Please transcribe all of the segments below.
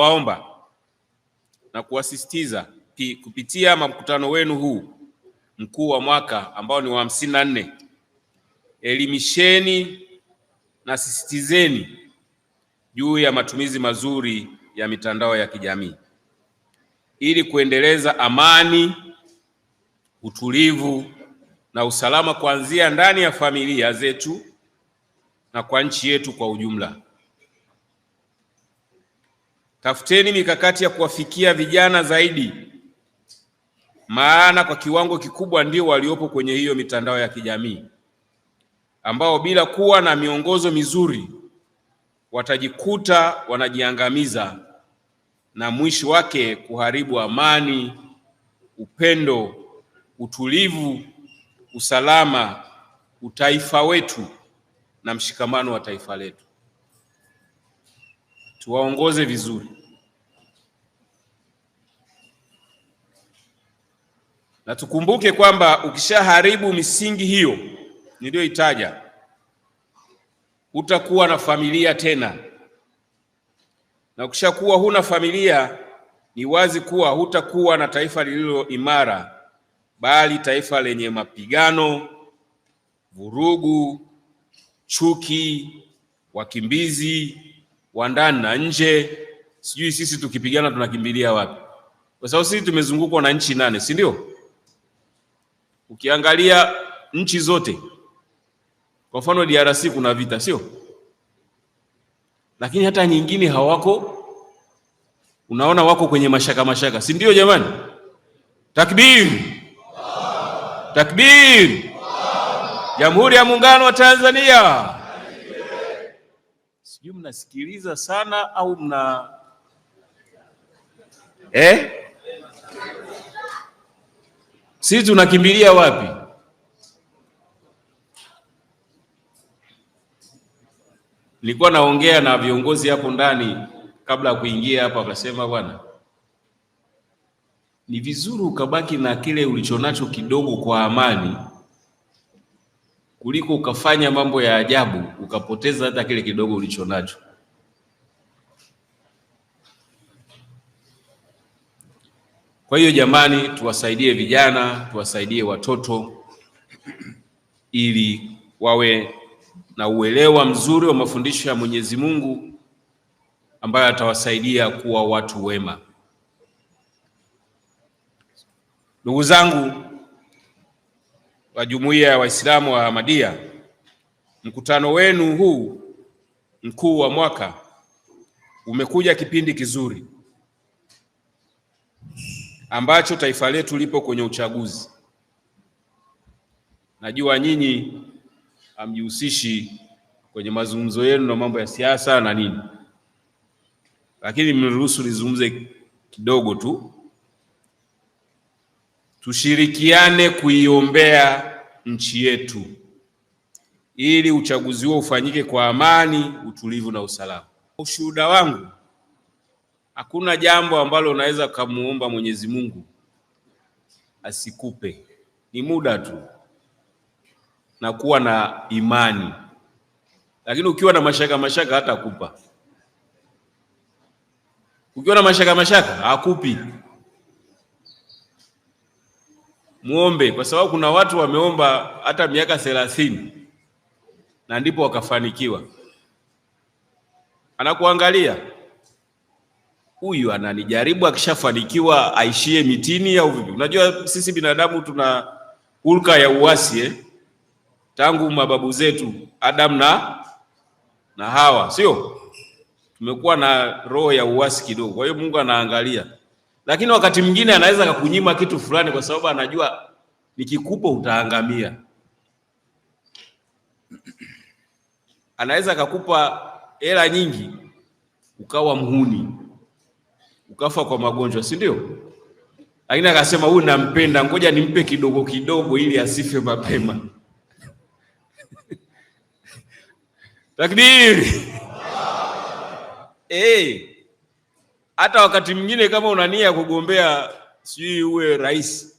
tunawaomba na kuwasisitiza kupitia mkutano wenu huu mkuu wa mwaka ambao ni wa hamsini na nne, elimisheni na sisitizeni juu ya matumizi mazuri ya mitandao ya kijamii ili kuendeleza amani, utulivu na usalama kuanzia ndani ya familia zetu na kwa nchi yetu kwa ujumla. Tafuteni mikakati ya kuwafikia vijana zaidi, maana kwa kiwango kikubwa ndio waliopo kwenye hiyo mitandao ya kijamii, ambao bila kuwa na miongozo mizuri watajikuta wanajiangamiza na mwisho wake kuharibu amani, upendo, utulivu, usalama, utaifa wetu na mshikamano wa taifa letu tuwaongoze vizuri. Na tukumbuke kwamba ukishaharibu misingi hiyo niliyoitaja, utakuwa na familia tena, na ukishakuwa huna familia, ni wazi kuwa hutakuwa na taifa lililo imara, bali taifa lenye mapigano, vurugu, chuki, wakimbizi wa ndani na nje. Sijui sisi tukipigana tunakimbilia wapi? Kwa sababu sisi tumezungukwa na nchi nane, si ndio? Ukiangalia nchi zote, kwa mfano DRC kuna vita, sio? Lakini hata nyingine hawako, unaona wako kwenye mashaka mashaka, si ndio? Jamani, takbir takbir! Jamhuri ya Muungano wa Tanzania sijui mnasikiliza sana au mna eh? Sisi tunakimbilia wapi? Nilikuwa naongea na viongozi hapo ndani kabla ya kuingia hapa, wakasema bwana, ni vizuri ukabaki na kile ulichonacho kidogo kwa amani kuliko ukafanya mambo ya ajabu ukapoteza hata kile kidogo ulicho nacho. Kwa hiyo jamani, tuwasaidie vijana, tuwasaidie watoto ili wawe na uelewa mzuri wa mafundisho ya Mwenyezi Mungu ambayo atawasaidia kuwa watu wema. Ndugu zangu wa Jumuiya ya Waislamu wa Ahmadiyya, mkutano wenu huu mkuu wa mwaka umekuja kipindi kizuri ambacho taifa letu lipo kwenye uchaguzi. Najua nyinyi hamjihusishi kwenye mazungumzo yenu na mambo ya siasa na nini, lakini mniruhusu nizungumze kidogo tu. Tushirikiane kuiombea nchi yetu ili uchaguzi huo ufanyike kwa amani, utulivu na usalama. Ushuhuda wangu, hakuna jambo ambalo unaweza ukamuomba Mwenyezi Mungu asikupe, ni muda tu na kuwa na imani, lakini ukiwa na mashaka mashaka hata kupa Ukiwa na mashaka mashaka hakupi muombe, kwa sababu kuna watu wameomba hata miaka thelathini na ndipo wakafanikiwa. Anakuangalia huyu ananijaribu, akishafanikiwa aishie mitini au vipi? Unajua sisi binadamu tuna hulka ya uasi eh? Tangu mababu zetu Adam na na Hawa, sio tumekuwa na roho ya uasi kidogo. Kwa hiyo Mungu anaangalia lakini wakati mwingine anaweza kakunyima kitu fulani, kwa sababu anajua nikikupa utaangamia. Anaweza kakupa hela nyingi ukawa mhuni, ukafa kwa magonjwa, si ndio? Lakini akasema huyu nampenda, ngoja nimpe kidogo kidogo ili asife mapema takdiri. Hey. hata wakati mwingine kama una nia ya kugombea sijui uwe rais,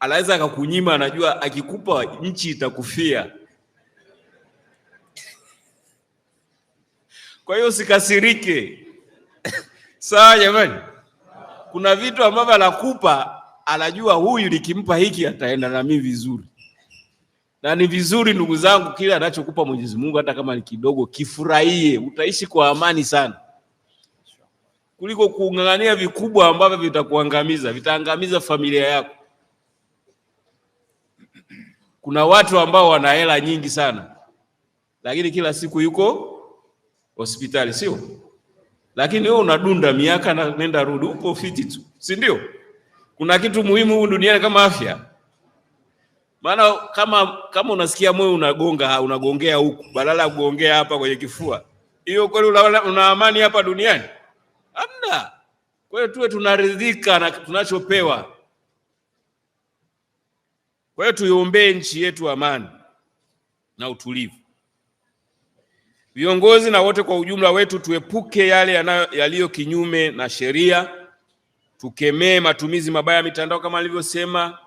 anaweza akakunyima, anajua akikupa nchi itakufia. Kwa hiyo usikasirike. Sawa jamani, kuna vitu ambavyo anakupa, anajua huyu likimpa hiki ataenda na mimi vizuri, na ni vizuri ndugu zangu, kile anachokupa Mwenyezi Mungu hata kama ni kidogo, kifurahie, utaishi kwa amani sana kuliko kung'ang'ania vikubwa ambavyo vitakuangamiza, vitaangamiza familia yako. Kuna watu ambao wana hela nyingi sana, lakini kila siku yuko hospitali, sio? Lakini wewe unadunda miaka na nenda rudi, upo fiti tu, si ndio? Kuna kitu muhimu huku duniani kama afya. Maana kama kama unasikia moyo unagonga, unagongea huku badala ya kugongea hapa kwenye kifua, hiyo kweli una amani hapa duniani? Kwa hiyo tuwe tunaridhika na tunachopewa. Kwa hiyo tuiombee nchi yetu amani na utulivu. Viongozi na wote kwa ujumla wetu tuepuke yale yaliyo kinyume na sheria, tukemee matumizi mabaya ya mitandao kama alivyosema.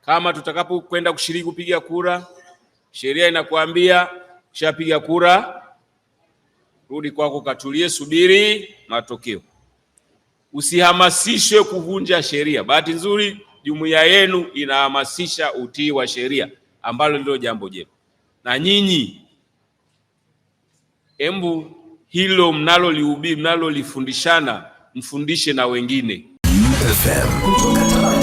Kama tutakapokwenda kushiriki kupiga kura, sheria inakuambia shapiga kura rudi kwako, katulie, subiri matokeo usihamasishwe kuvunja sheria. Bahati nzuri jumuiya yenu inahamasisha utii wa sheria, ambalo ndilo jambo jema, na nyinyi embu hilo mnalolihubiri, mnalolifundishana mfundishe na wengine FM.